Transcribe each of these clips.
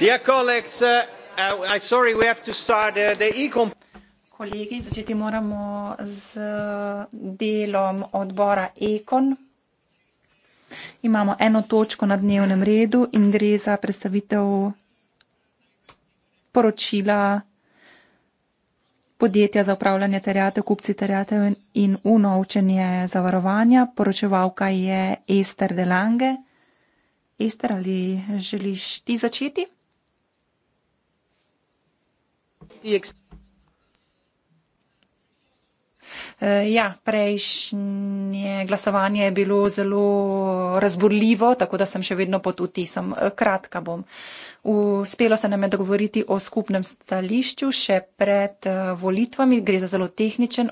Uh, uh, uh, kolegi začeti moramo z delom odbora ekon imamo eno točko na dnevnem redu in gre za predstavitev poročila podjetja za upravljanje terjate, kupci terjate in unovčenje zavarovanja. Poročevalka je Ester Delange. Ester, ali želiš ti začeti? Eh, ja, prejšnje glasovanje je bilo zelo razburljivo, tako da sem še vedno pod utisom. Eh, kratka bom. Uspelo se nam je dogovoriti o skupnem stališču še pred eh, volitvami. Gre za zelo tehničen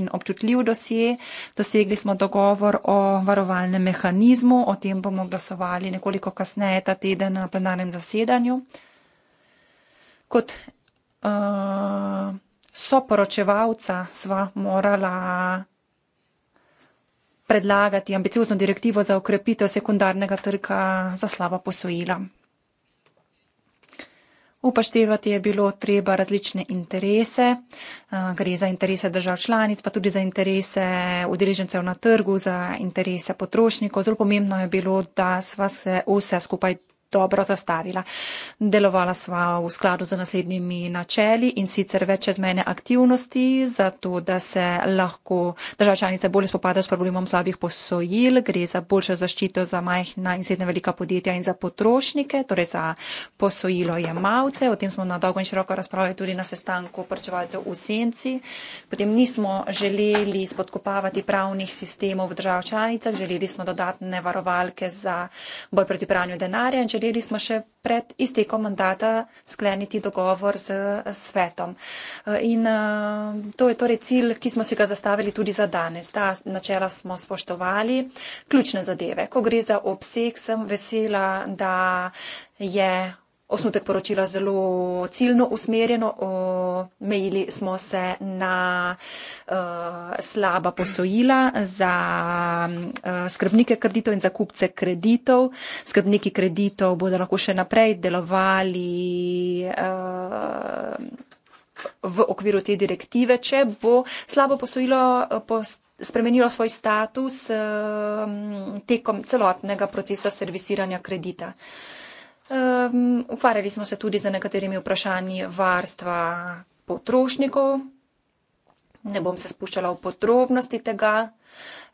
in občutljiv dosje. Dosegli smo dogovor o varovalnem mehanizmu, o tem bomo glasovali nekoliko kasneje ta teden na plenarnem zasedanju. Kot uh, soporočevalca sva morala predlagati ambiciozno direktivo za ukrepitev sekundarnega trga za slaba posojila. Upoštevati je bilo treba različne interese, eh, gre za interese držav članic, pa tudi za interese udeležencev na trgu, za interese potrošnikov. Zelo pomembno je bilo, da sva se vse skupaj dobro zastavila. Delovala sva v skladu z naslednjimi načeli in sicer več čezmene aktivnosti, zato da se lahko država članica bolje spopada s problemom slabih posojil, gre za boljšo zaščito za majhna in srednja velika podjetja in za potrošnike, torej za posojilo jemalce. O tem smo na dolgo in široko razpravljali tudi na sestanku prčevalcev v Senci. Potem nismo želeli spodkopavati pravnih sistemov v državah članicah, želeli smo dodatne varovalke za boj proti pranju denarja in če želeli smo še pred iztekom mandata skleniti dogovor z svetom. In eh, to je torej cilj, ki smo si ga zastavili tudi za danes. Ta načela smo spoštovali. Ključne zadeve. Ko gre za obseg, sem vesela, da je osnutek poročila zelo ciljno usmerjeno. Omejili smo se na uh, slaba posojila za uh, skrbnike kreditov in za kupce kreditov. Skrbniki kreditov bodo lahko še naprej delovali. Uh, v okviru te direktive, če bo slabo posojilo spremenilo svoj status tekom celotnega procesa servisiranja kredita. Uh, Um, ukvarjali smo se tudi z nekaterimi vprašanji varstva potrošnikov. Ne bom se spuščala v podrobnosti tega.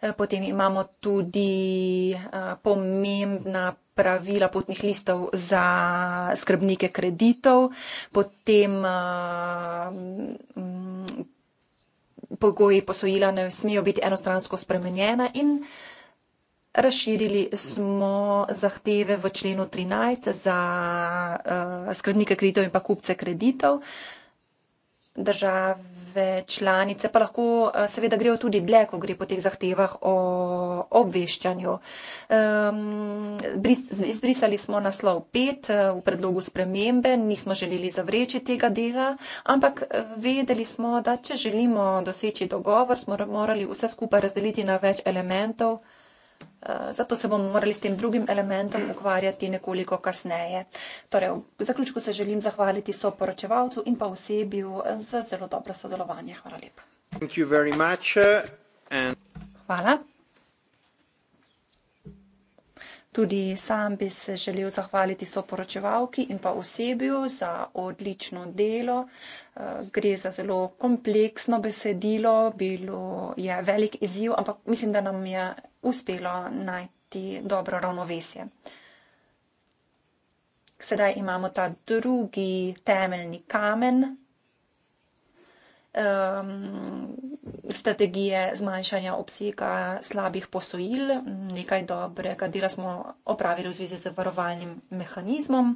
E, potem imamo tudi e, pomembna pravila potnih listov za skrbnike kreditov, potem e, pogoji posojila ne smejo biti enostransko spremenjena in Razširili smo zahteve v členu 13 za uh, skrbnike kreditov in pa kupce kreditov. Države članice pa lahko uh, seveda grejo tudi dlje, ko gre po teh zahtevah o obveščanju. Um, bris, izbrisali smo naslov 5 uh, eh, v predlogu spremembe, nismo želeli zavreči tega dela, ampak vedeli smo, da če želimo doseči dogovor, smo morali vse skupaj razdeliti na več elementov. Eh, zato se bomo morali s tem drugim elementom ukvarjati nekoliko kasneje. Torej, v zaključku se želim zahvaliti soporočevalcu in pa osebju eh, za zelo dobro sodelovanje. Hvala lepa. Eh, Hvala. Tudi sam bi se želel zahvaliti soporočevalki in pa osebju za odlično delo. Eh, gre za zelo kompleksno besedilo, bilo je velik izziv, ampak mislim, da nam je uspelo najti dobro ravnovesje. Sedaj imamo ta drugi temeljni kamen, um, strategije zmanjšanja obsega slabih posojil, nekaj dobrega dela smo opravili v zvezi z varovalnim mehanizmom.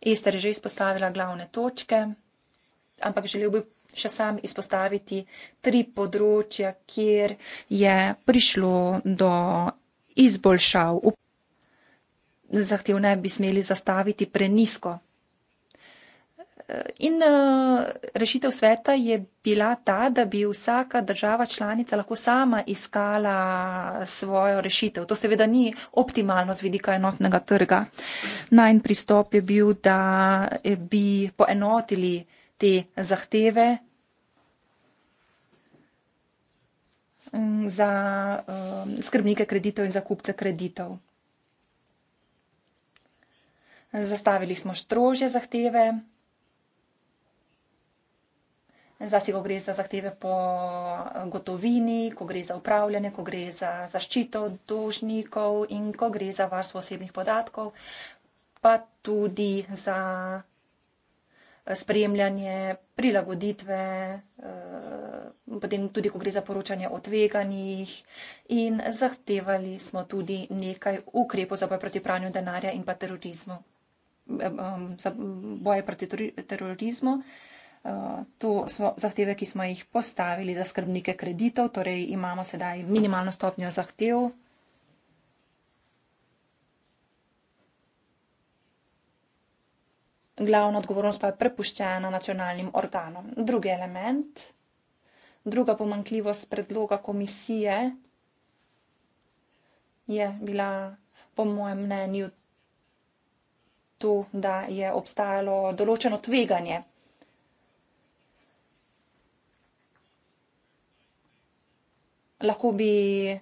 Ester je že izpostavila glavne točke, ampak želel bi še sam izpostaviti tri področja, kjer je prišlo do izboljšav. Zahtev ne bi smeli zastaviti prenisko. In e, rešitev sveta je bila ta, da bi vsaka država članica lahko sama iskala svojo rešitev. To seveda ni optimalno z vidika enotnega trga. Najn pristop je bil, da bi poenotili te zahteve mm, za e, skrbnike kreditov in za kupce kreditov. Zastavili smo strožje zahteve. Zasi, ko gre za zahteve po eh, gotovini, ko gre za upravljanje, ko gre za zaščito dožnikov in ko gre za varstvo osebnih podatkov, pa tudi za eh, spremljanje, prilagoditve, eh, potem tudi, ko gre za poročanje o tveganjih in zahtevali smo tudi nekaj ukrepov za boj proti pranju denarja in pa terorizmu. Za mm, boje proti terorizmu to so zahteve, ki smo jih postavili za skrbnike kreditov, torej imamo sedaj minimalno stopnjo zahtev. Glavna odgovornost pa je prepuščena nacionalnim organom. Drugi element, druga pomankljivost predloga komisije je bila po mojem mnenju to, da je obstajalo določeno tveganje. lahko bi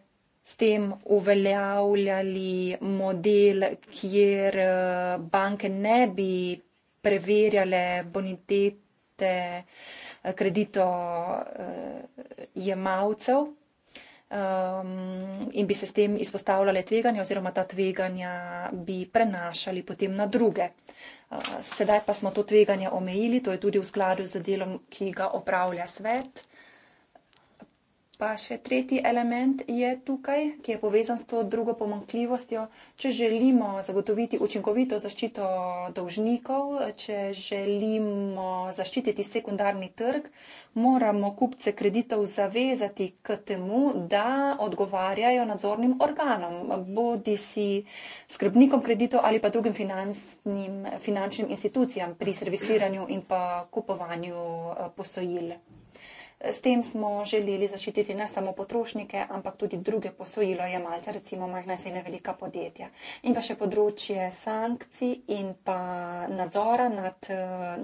s tem uveljavljali model, kjer eh, banke ne bi preverjale bonitete eh, kreditojemalcev eh, ehm, in bi se s tem izpostavljale tveganja oziroma ta tveganja bi prenašali potem na druge. Sedaj pa smo to tveganje omejili, to je tudi v skladu z delom, ki ga opravlja svet. Pa še tretji element je tukaj, ki je povezan s to drugo pomankljivostjo. Če želimo zagotoviti učinkovito zaščito dolžnikov, če želimo zaščititi sekundarni trg, moramo kupce kreditov zavezati k temu, da odgovarjajo nadzornim organom, bodi si skrbnikom kreditov ali pa drugim finančnim institucijam pri servisiranju in pa kupovanju eh, posojil. S tem smo želeli zaščititi ne samo potrošnike, ampak tudi druge posojilojemalce, recimo majhna in srednja velika podjetja. In pa še področje sankcij in pa nadzora nad eh,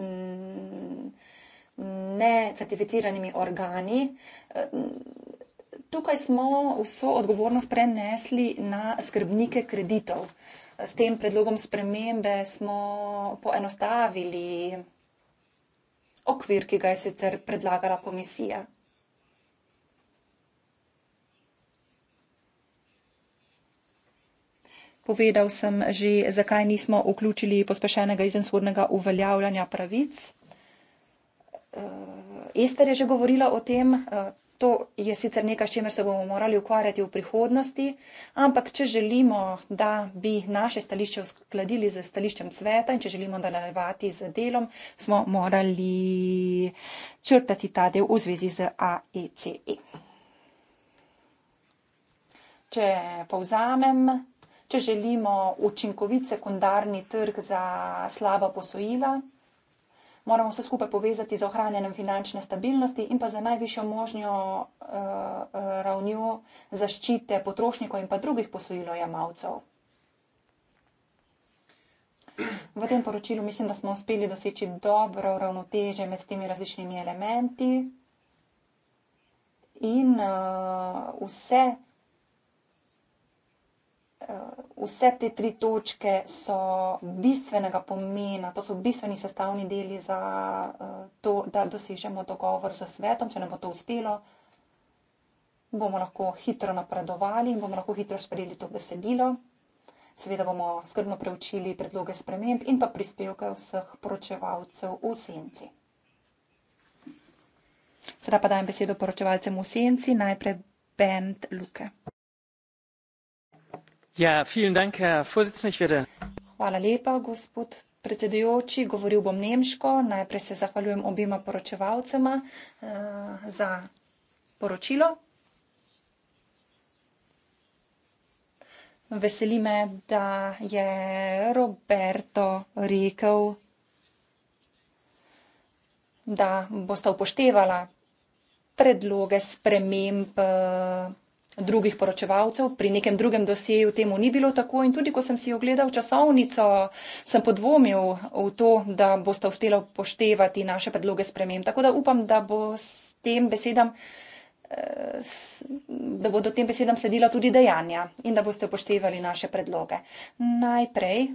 necertificiranimi organi. Eh, tukaj smo vso odgovornost prenesli na skrbnike kreditov. S tem predlogom spremembe smo poenostavili okvir, ki ga je sicer predlagala komisija. Povedal sem že, zakaj nismo vključili pospešenega izvensodnega uveljavljanja pravic. Eh, Ester je že govorila o tem, eh, To je sicer nekaj, s čimer se bomo morali ukvarjati v prihodnosti, ampak če želimo, da bi naše stališče uskladili z stališčem sveta in če želimo nadaljevati z delom, smo morali črtati ta del v zvezi z AECE. E. Če povzamem, če želimo učinkovit sekundarni trg za slaba posojila moramo vse skupaj povezati za ohranjanjem finančne stabilnosti in pa za najvišjo možnjo uh, ravnjo zaščite potrošnikov in pa drugih posojilojemalcev. V tem poročilu mislim, da smo uspeli doseči dobro ravnoteže med temi različnimi elementi in uh, vse vse te tri točke so bistvenega pomena, to so bistveni sestavni deli za eh, to, da dosežemo dogovor z svetom. Če nam bo to uspelo, bomo lahko hitro napredovali in bomo lahko hitro sprejeli to besedilo. Seveda bomo skrbno preučili predloge sprememb in pa prispevke vseh poročevalcev v senci. Sedaj pa dajem besedo poročevalcem v senci, najprej Bend Luke. Ja, Hvala lepa, gospod predsedujoči. Govoril bom nemško. Najprej se zahvaljujem obima poročevalcema uh, za poročilo. Veseli me, da je Roberto rekel, da boste upoštevala predloge sprememb. Uh, drugih poročevalcev, pri nekem drugem dosjeju temu ni bilo tako in tudi, ko sem si ogledal časovnico, sem podvomil v to, da boste uspeli upoštevati naše predloge spremem. Tako da upam, da bo s tem besedam eh, da bodo tem besedam sledila tudi dejanja in da boste upoštevali naše predloge. Najprej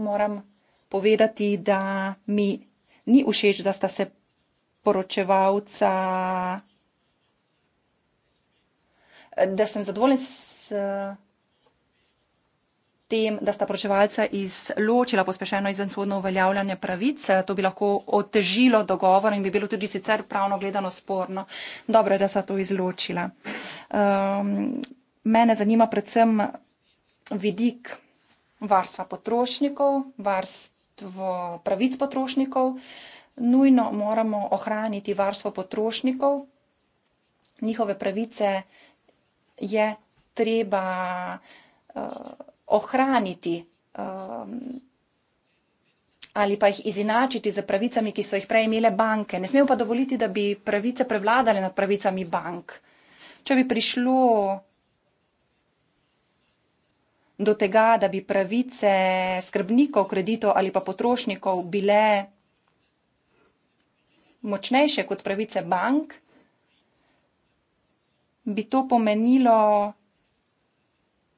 moram povedati, da mi ni všeč, da sta se poročevalca da sem zadovoljen s tem, da sta poročevalca izločila pospešeno izvensodno uveljavljanje pravic. To bi lahko otežilo dogovor in bi bilo tudi sicer pravno gledano sporno. Dobro je, da sta to izločila. Um, mene zanima predvsem vidik varstva potrošnikov, varstvo pravic potrošnikov. Nujno moramo ohraniti varstvo potrošnikov, njihove pravice je treba uh, ohraniti um, ali pa jih izinačiti z pravicami, ki so jih prej imele banke. Ne smemo pa dovoliti, da bi pravice prevladale nad pravicami bank. Če bi prišlo do tega, da bi pravice skrbnikov kreditov ali pa potrošnikov bile močnejše kot pravice bank, bi to pomenilo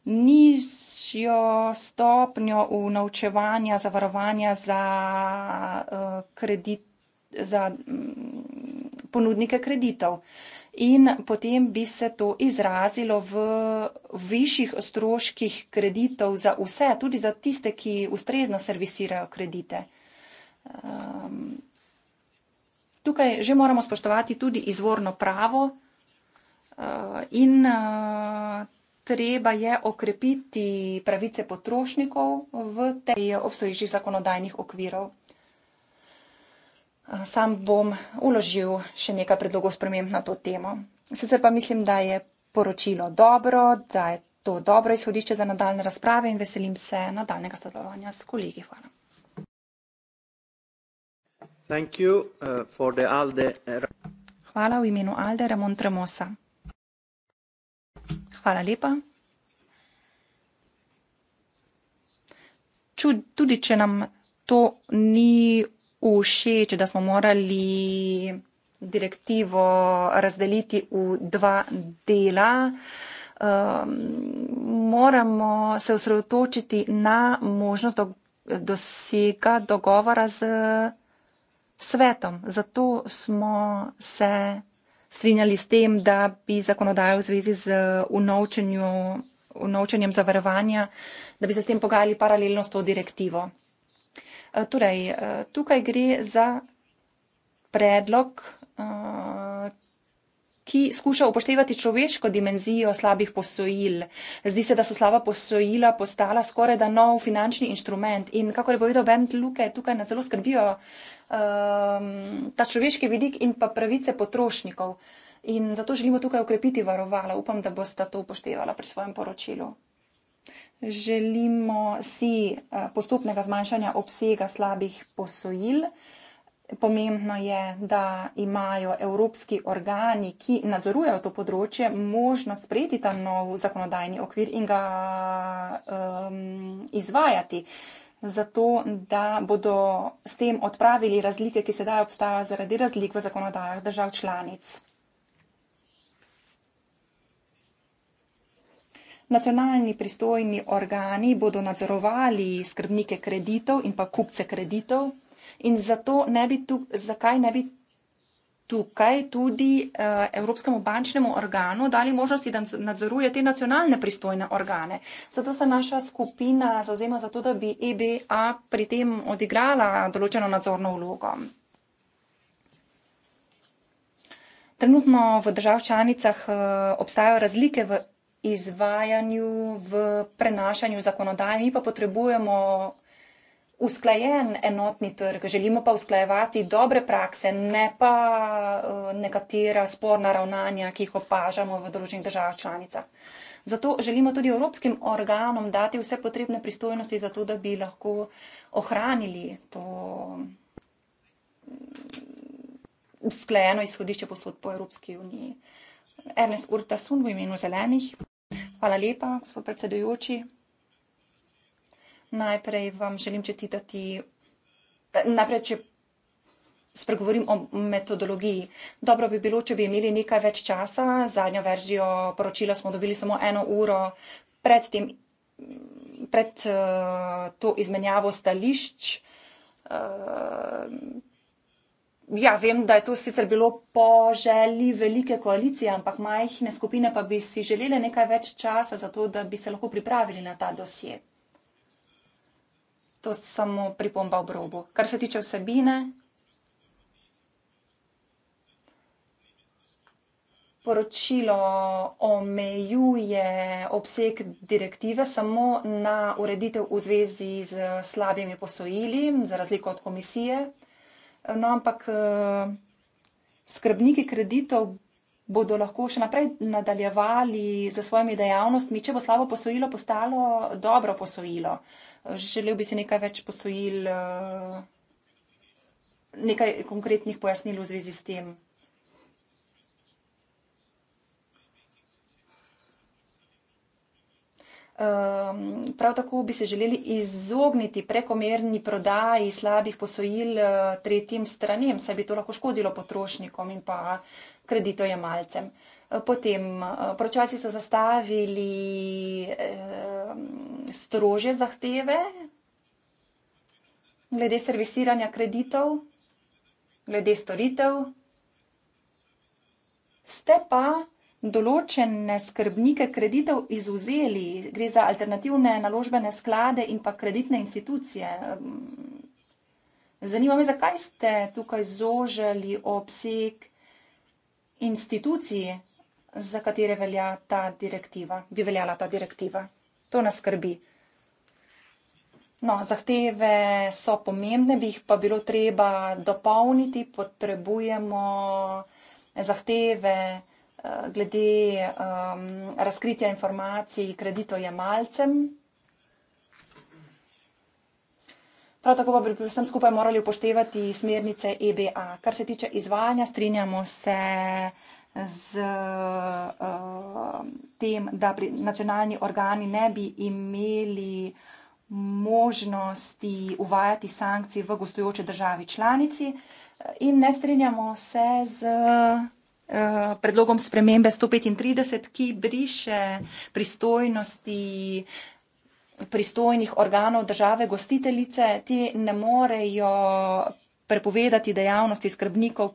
nižjo stopnjo v naučevanja zavarovanja za, uh, kredit, za um, ponudnike kreditov. In potem bi se to izrazilo v višjih stroških kreditov za vse, tudi za tiste, ki ustrezno servisirajo kredite. Um, tukaj že moramo spoštovati tudi izvorno pravo. Eh, in eh, treba je okrepiti pravice potrošnikov v tej obstoječih zakonodajnih okvirov. Eh, sam bom uložil še nekaj predlogov sprememb na to temo. Sicer pa mislim, da je poročilo dobro, da je to dobro izhodišče za nadaljne razprave in veselim se nadaljnega sodelovanja s kolegi. Hvala. Hvala v imenu Alde, Ramon Tremosa. Hvala lepa. Tudi, če nam to ni všeč, da smo morali direktivo razdeliti v dva dela, um, moramo se osredotočiti na možnost dosega dogovora s svetom. Zato smo se strinjali s tem, da bi zakonodajo v zvezi z unovčenjem zavarovanja, da bi se s tem pogajali paralelno s to direktivo. Eh, torej, eh, tukaj gre za predlog, eh, ki skuša upoštevati človeško dimenzijo slabih posojil. Zdi se, da so slaba posojila postala skoraj da nov finančni inštrument in, kako je povedal Bent Luke, tukaj nas zelo skrbijo um, ta človeški vidik in pa pravice potrošnikov. In zato želimo tukaj ukrepiti varovala. Upam, da boste to upoštevali pri svojem poročilu. Želimo si eh, postopnega zmanjšanja obsega slabih posojil. Pomembno je, da imajo evropski organi, ki nadzorujejo to področje, možnost sprejeti ta nov zakonodajni okvir in ga um, izvajati zato da bodo s tem odpravili razlike, ki sedaj obstajajo zaradi razlik v zakonodajah držav članic. Nacionalni pristojni organi bodo nadzorovali skrbnike kreditov in pa kupce kreditov in zato ne bi tu, zakaj ne bi tukaj tudi uh, Evropskemu bančnemu organu dali možnosti, da nadzoruje te nacionalne pristojne organe. Zato se naša skupina zauzema za to, da bi EBA pri tem odigrala določeno nadzorno vlogo. Trenutno v državah članicah uh, obstajajo razlike v izvajanju, v prenašanju zakonodaje. Mi pa potrebujemo usklajen enotni trg, želimo pa usklajevati dobre prakse, ne pa eh, nekatera sporna ravnanja, ki jih opažamo v družnih državah članicah. Zato želimo tudi evropskim organom dati vse potrebne pristojnosti, zato da bi lahko ohranili to mm, usklajeno izhodišče posod po Evropski uniji. Ernest Urtasun v imenu zelenih. Hvala lepa, gospod predsedujoči. Najprej vam želim čestitati, eh, najprej, če spregovorim o metodologiji. Dobro bi bilo, če bi imeli nekaj več časa. Zadnjo verzijo poročila smo dobili samo eno uro pred, tem, pred uh, to izmenjavo stališč. Uh, Ja, vem, da je to sicer bilo po želji velike koalicije, ampak majhne skupine pa bi si želele nekaj več časa za to, da bi se lahko pripravili na ta dosjet. To je samo pripomba ob robu. Kar se tiče vsebine, poročilo omejuje obseg direktive samo na ureditev v zvezi z slabimi posojili, za razliko od komisije. No, ampak eh, skrbniki kreditov bodo lahko še naprej nadaljevali z svojimi dejavnostmi, če bo slabo posojilo postalo dobro posojilo. Želel bi si nekaj več posojil, eh, nekaj konkretnih pojasnil v zvezi s tem. Ehm, prav tako bi se želeli izogniti prekomerni prodaji slabih posojil eh, tretjim stranem, saj bi to lahko škodilo potrošnikom in pa kreditojemalcem. Eh, potem, eh, pročalci so zastavili ehm, strože zahteve glede servisiranja kreditov, glede storitev. Ste pa določene skrbnike kreditov izuzeli, gre za alternativne naložbene sklade in pa kreditne institucije. Zanima me, zakaj ste tukaj zožili obseg institucij, za katere velja ta direktiva, bi veljala ta direktiva. To nas skrbi. No, zahteve so pomembne, bi jih pa bilo treba dopolniti, potrebujemo zahteve, glede um, razkritja informacij kreditojemalcem. Prav tako pa bi pri vsem skupaj morali upoštevati smernice EBA. Kar se tiče izvajanja, strinjamo se z uh, tem, da pri nacionalni organi ne bi imeli možnosti uvajati sankcij v gostujoče državi članici in ne strinjamo se z. Uh, Eh, predlogom spremembe 135, ki briše pristojnosti pristojnih organov države gostiteljice, ti ne morejo prepovedati dejavnosti skrbnikov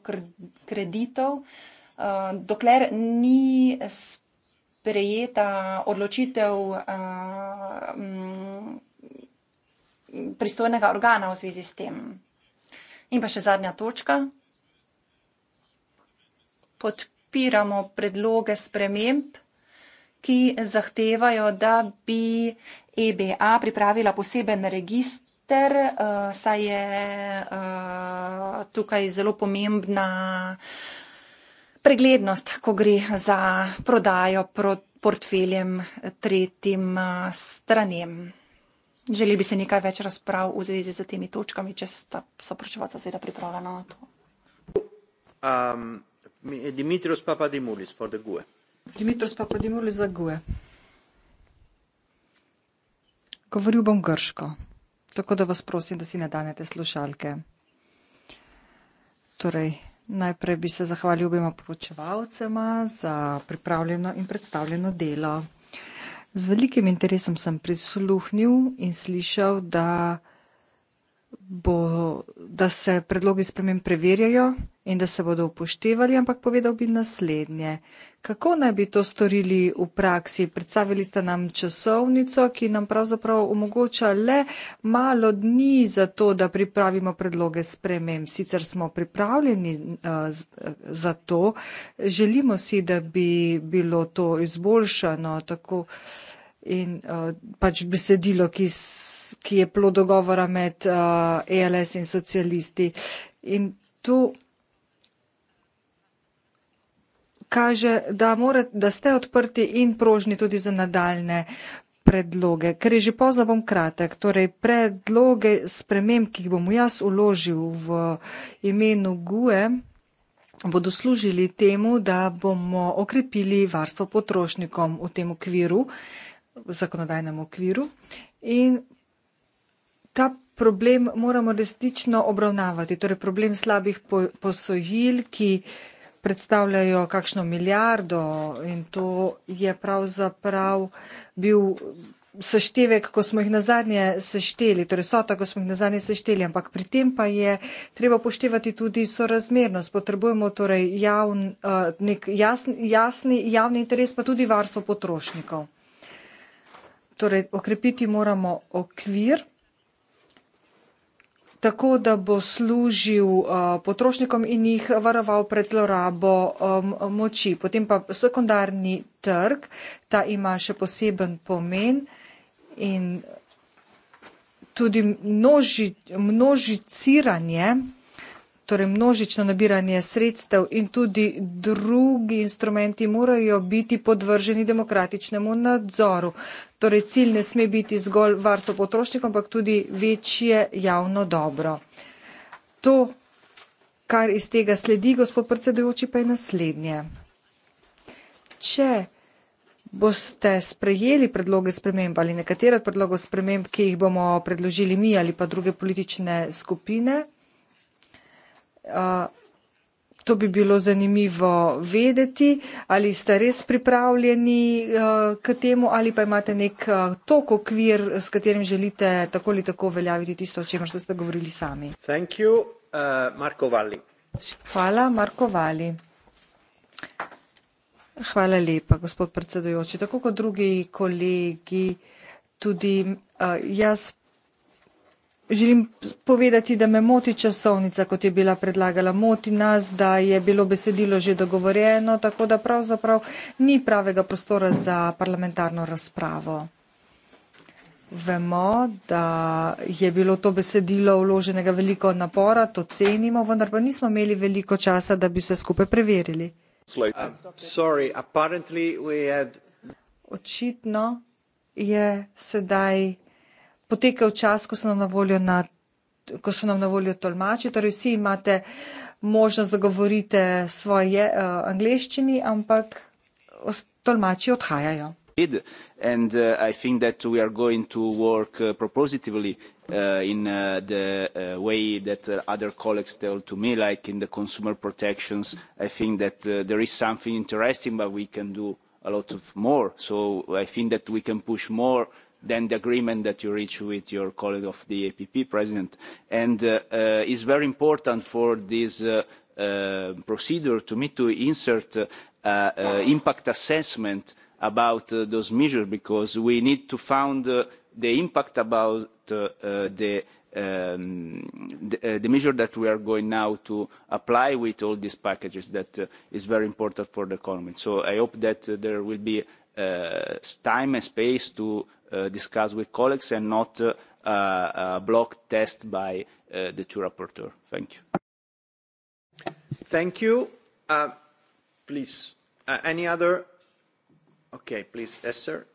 kreditov, eh, dokler ni sprejeta odločitev eh, pristojnega organa v zvezi s tem. In pa še zadnja točka podpiramo predloge sprememb, ki zahtevajo, da bi EBA pripravila poseben register, uh, saj je uh, tukaj zelo pomembna preglednost, ko gre za prodajo pod portfeljem tretjim uh, stranem. Želi bi se nekaj več razprav v zvezi z temi točkami, če sta sopračevalca seveda pripravljena na to. Um. Dimitrios Papadimoulis for the GUE. Dimitrios Papadimoulis za GUE. Govoril bom grško, tako da vas prosim, da si ne danete slušalke. Torej, najprej bi se zahvalil obima poučevalcema za pripravljeno in predstavljeno delo. Z velikim interesom sem prisluhnil in slišal, da bo, da se predlogi spremem preverjajo in da se bodo upoštevali, ampak povedal bi naslednje. Kako naj bi to storili v praksi? Predstavili ste nam časovnico, ki nam pravzaprav omogoča le malo dni za to, da pripravimo predloge spremem. Sicer smo pripravljeni uh, za to, želimo si, da bi bilo to izboljšano. Tako, uh, in uh, pač besedilo, ki, ki je plod dogovora med uh, eh, ALS e in socialisti. In tu kaže, da, more, da ste odprti in prožni tudi za nadaljne. Predloge. Ker je že pozno, bom kratek. Torej, predloge sprejem, ki jih bom jaz uložil v imenu GUE, bodo služili temu, da bomo okrepili varstvo potrošnikom v tem okviru, v zakonodajnem okviru. In ta problem moramo resnično obravnavati, torej problem slabih posojil, ki predstavljajo kakšno milijardo in to je pravzaprav bil seštevek, ko smo jih nazadnje sešteli, torej sota, ko smo jih nazadnje sešteli, ampak pri tem pa je treba poštevati tudi sorazmernost. Potrebujemo torej javn, eh, nek jasn, jasni javni interes, pa tudi varstvo potrošnikov. Torej, okrepiti moramo okvir, tako da bo služil uh, potrošnikom in jih varoval pred zlorabo um, moči. Potem pa sekundarni trg, ta ima še poseben pomen in tudi množi, množiciranje torej množično nabiranje sredstev in tudi drugi instrumenti morajo biti podvrženi demokratičnemu nadzoru. Torej cilj ne sme biti zgolj varstvo potrošnikov, ampak tudi večje javno dobro. To, kar iz tega sledi, gospod predsedujoči, pa je naslednje. Če boste sprejeli predloge sprememb ali nekatere predloge sprememb, ki jih bomo predložili mi ali pa druge politične skupine, to bi bilo zanimivo vedeti, ali ste res pripravljeni k temu, ali pa imate nek tok okvir, s katerim želite tako ali tako veljaviti tisto, o čemer ste govorili sami. You, uh, Hvala, Marko Vali. Hvala lepa, gospod predsedujoči. Tako kot drugi kolegi, tudi uh, jaz Želim povedati, da me moti časovnica, kot je bila predlagala, moti nas, da je bilo besedilo že dogovorjeno, tako da pravzaprav ni pravega prostora za parlamentarno razpravo. Vemo, da je bilo to besedilo vloženega veliko napora, to cenimo, vendar pa nismo imeli veliko časa, da bi se skupaj preverili. Očitno je sedaj potekal čas, ko so nam na voljo, na, ko so nam na voljo tolmači, torej vsi imate možnost, da govorite svoje uh, eh, angliščini, ampak tolmači odhajajo. And uh, I think that we are going to work uh, propositively uh, in uh, the uh, way that uh, other colleagues tell to me, like in the consumer protections. I think that uh, there is something interesting, but we can do a lot of more. So I think that we can push more uh, than the agreement that you reach with your colleague of the APP president. And uh, uh, it's very important for this uh, uh, procedure to me to insert uh, uh, impact assessment about uh, those measures because we need to found uh, the impact about uh, uh, the, um, the, uh, the measure that we are going now to apply with all these packages that uh, is very important for the economy. So I hope that uh, there will be uh, time and space to uh, Uh, discuss with colleagues and not uh, a uh, block test by uh, the two rapporteur. Thank you. Thank you. Uh, please, uh, any other? Okay, please, Esther. Yes,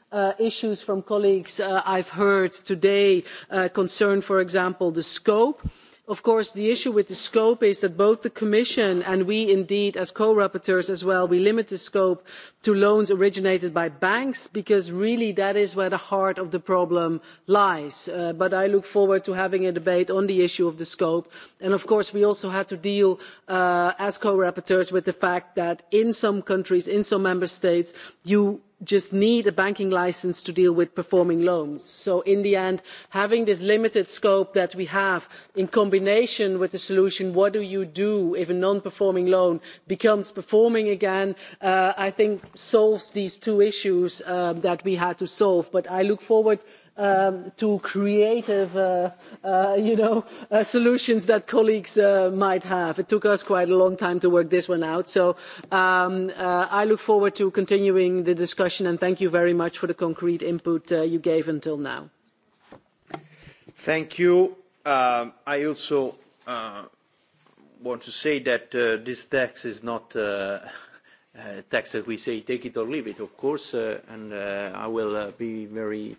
Uh, issues from colleagues uh, I've heard today uh, concern, for example, the scope. Of course, the issue with the scope is that both the Commission and we indeed as co-rapporteurs as well, we limit the scope to loans originated by banks because really that is where the heart of the problem lies. Uh, but I look forward to having a debate on the issue of the scope. And of course, we also had to deal uh, as co-rapporteurs with the fact that in some countries, in some member states, you just need a banking license to deal with performing loans. So in the end, having this limited scope that we have in combination with the solution, what do you do if a non-performing loan becomes performing again, uh, I think solves these two issues um, that we had to solve. But I look forward um, to creative uh, uh, you know, uh, solutions that colleagues uh, might have. It took us quite a long time to work this one out. So um, uh, I look forward to continuing the discussion and thank you very much for the concrete input uh, you gave until now. Thank you. Uh, I also uh, want to say that uh, this text is not uh, a uh, text that we say take it or leave it, of course, uh, and uh, I will uh, be very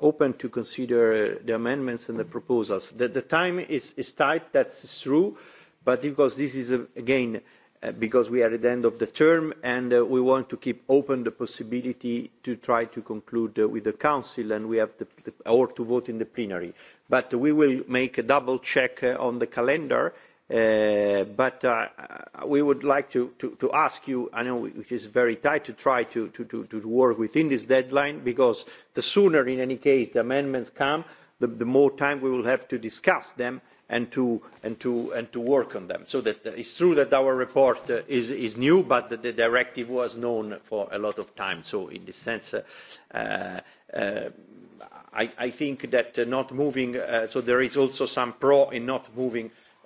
open to consider uh, the amendments and the proposals. The, the time is, is tight, that's true, but because this is, a, uh, again, uh, because we are at the end of the term and uh, we want to keep open the possibility to try to conclude uh, with the council and we have the, the, or to vote in the plenary. But we will make a double check uh, on the calendar Uh, but uh, we would like to, to, to ask you, I know it is very tight to try to, to, to, to work within this deadline because the sooner in any case the amendments come, the, the more time we will have to discuss them and to, and to, and to work on them. So that uh, it's true that our report uh, is, is new, but the, the directive was known for a lot of time. So in this sense, uh, uh, I, I think that not moving, uh, so there is also some pro in not moving uh,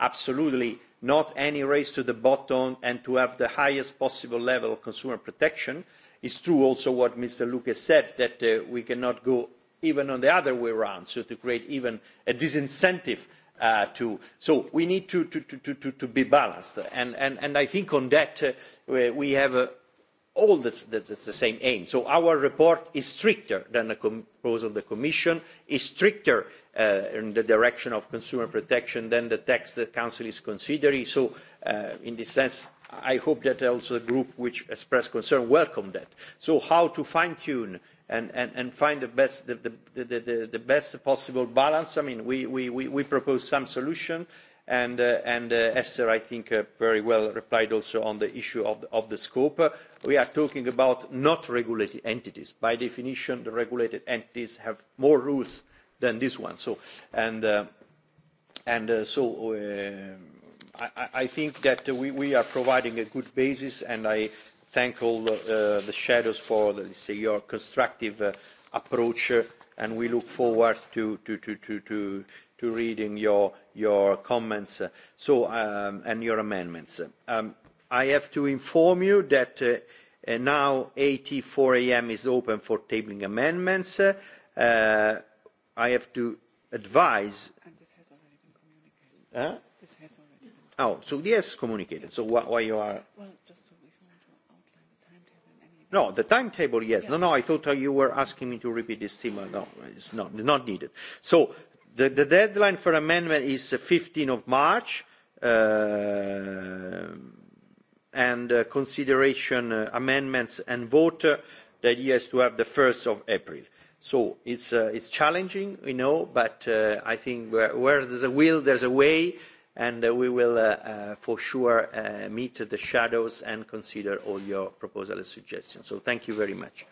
absolutely not any race to the bottom and to have the highest possible level of consumer protection. It's true also what Mr. Lucas said, that uh, we cannot go even on the other way around, so to create even a disincentive uh, to. So we need to, to, to, to, to be balanced. And, and, and I think on that uh, we have uh, all this, this, the same aim. So our report is stricter than the proposal of the Commission, is stricter uh, in the direction of consumer protection than the text the Council is considering. So uh, in this sense, I hope that also the group which expressed concern welcomed that. So how to fine-tune and, and, and find the best, the, the, the, the, the best possible balance? I mean, we, we, we, we propose some solutions and, uh, and uh, Esther, I think, uh, very well replied also on the issue of the, of the scope. Uh, we are talking about not regulated entities. By definition, the regulated entities have more rules than this one. So, and, uh, and uh, so uh, I, I think that we, we are providing a good basis, and I thank all uh, the shadows for the, say, your constructive uh, approach, uh, and we look forward to, to, to, to, to to reading your your comments uh, so um, and your amendments um, i have to inform you that uh, uh, now 84 am is open for tabling amendments uh, uh, i have to advise and this has already been communicated huh? this has already been oh so yes communicated yes. so wh why you are well, just no, the timetable, yes. No, yeah. No, no, I thought uh, you were asking me to repeat this theme. No, it's not, not needed. So, the, the deadline for amendment is 15 uh, of March, uh, and uh, consideration uh, amendments and vote uh, the idea is to have the 1st of April. So it's, uh, it's challenging, we you know, but uh, I think where, where there's a will, there's a way, and uh, we will uh, uh, for sure uh, meet the shadows and consider all your proposals and suggestions. So thank you very much.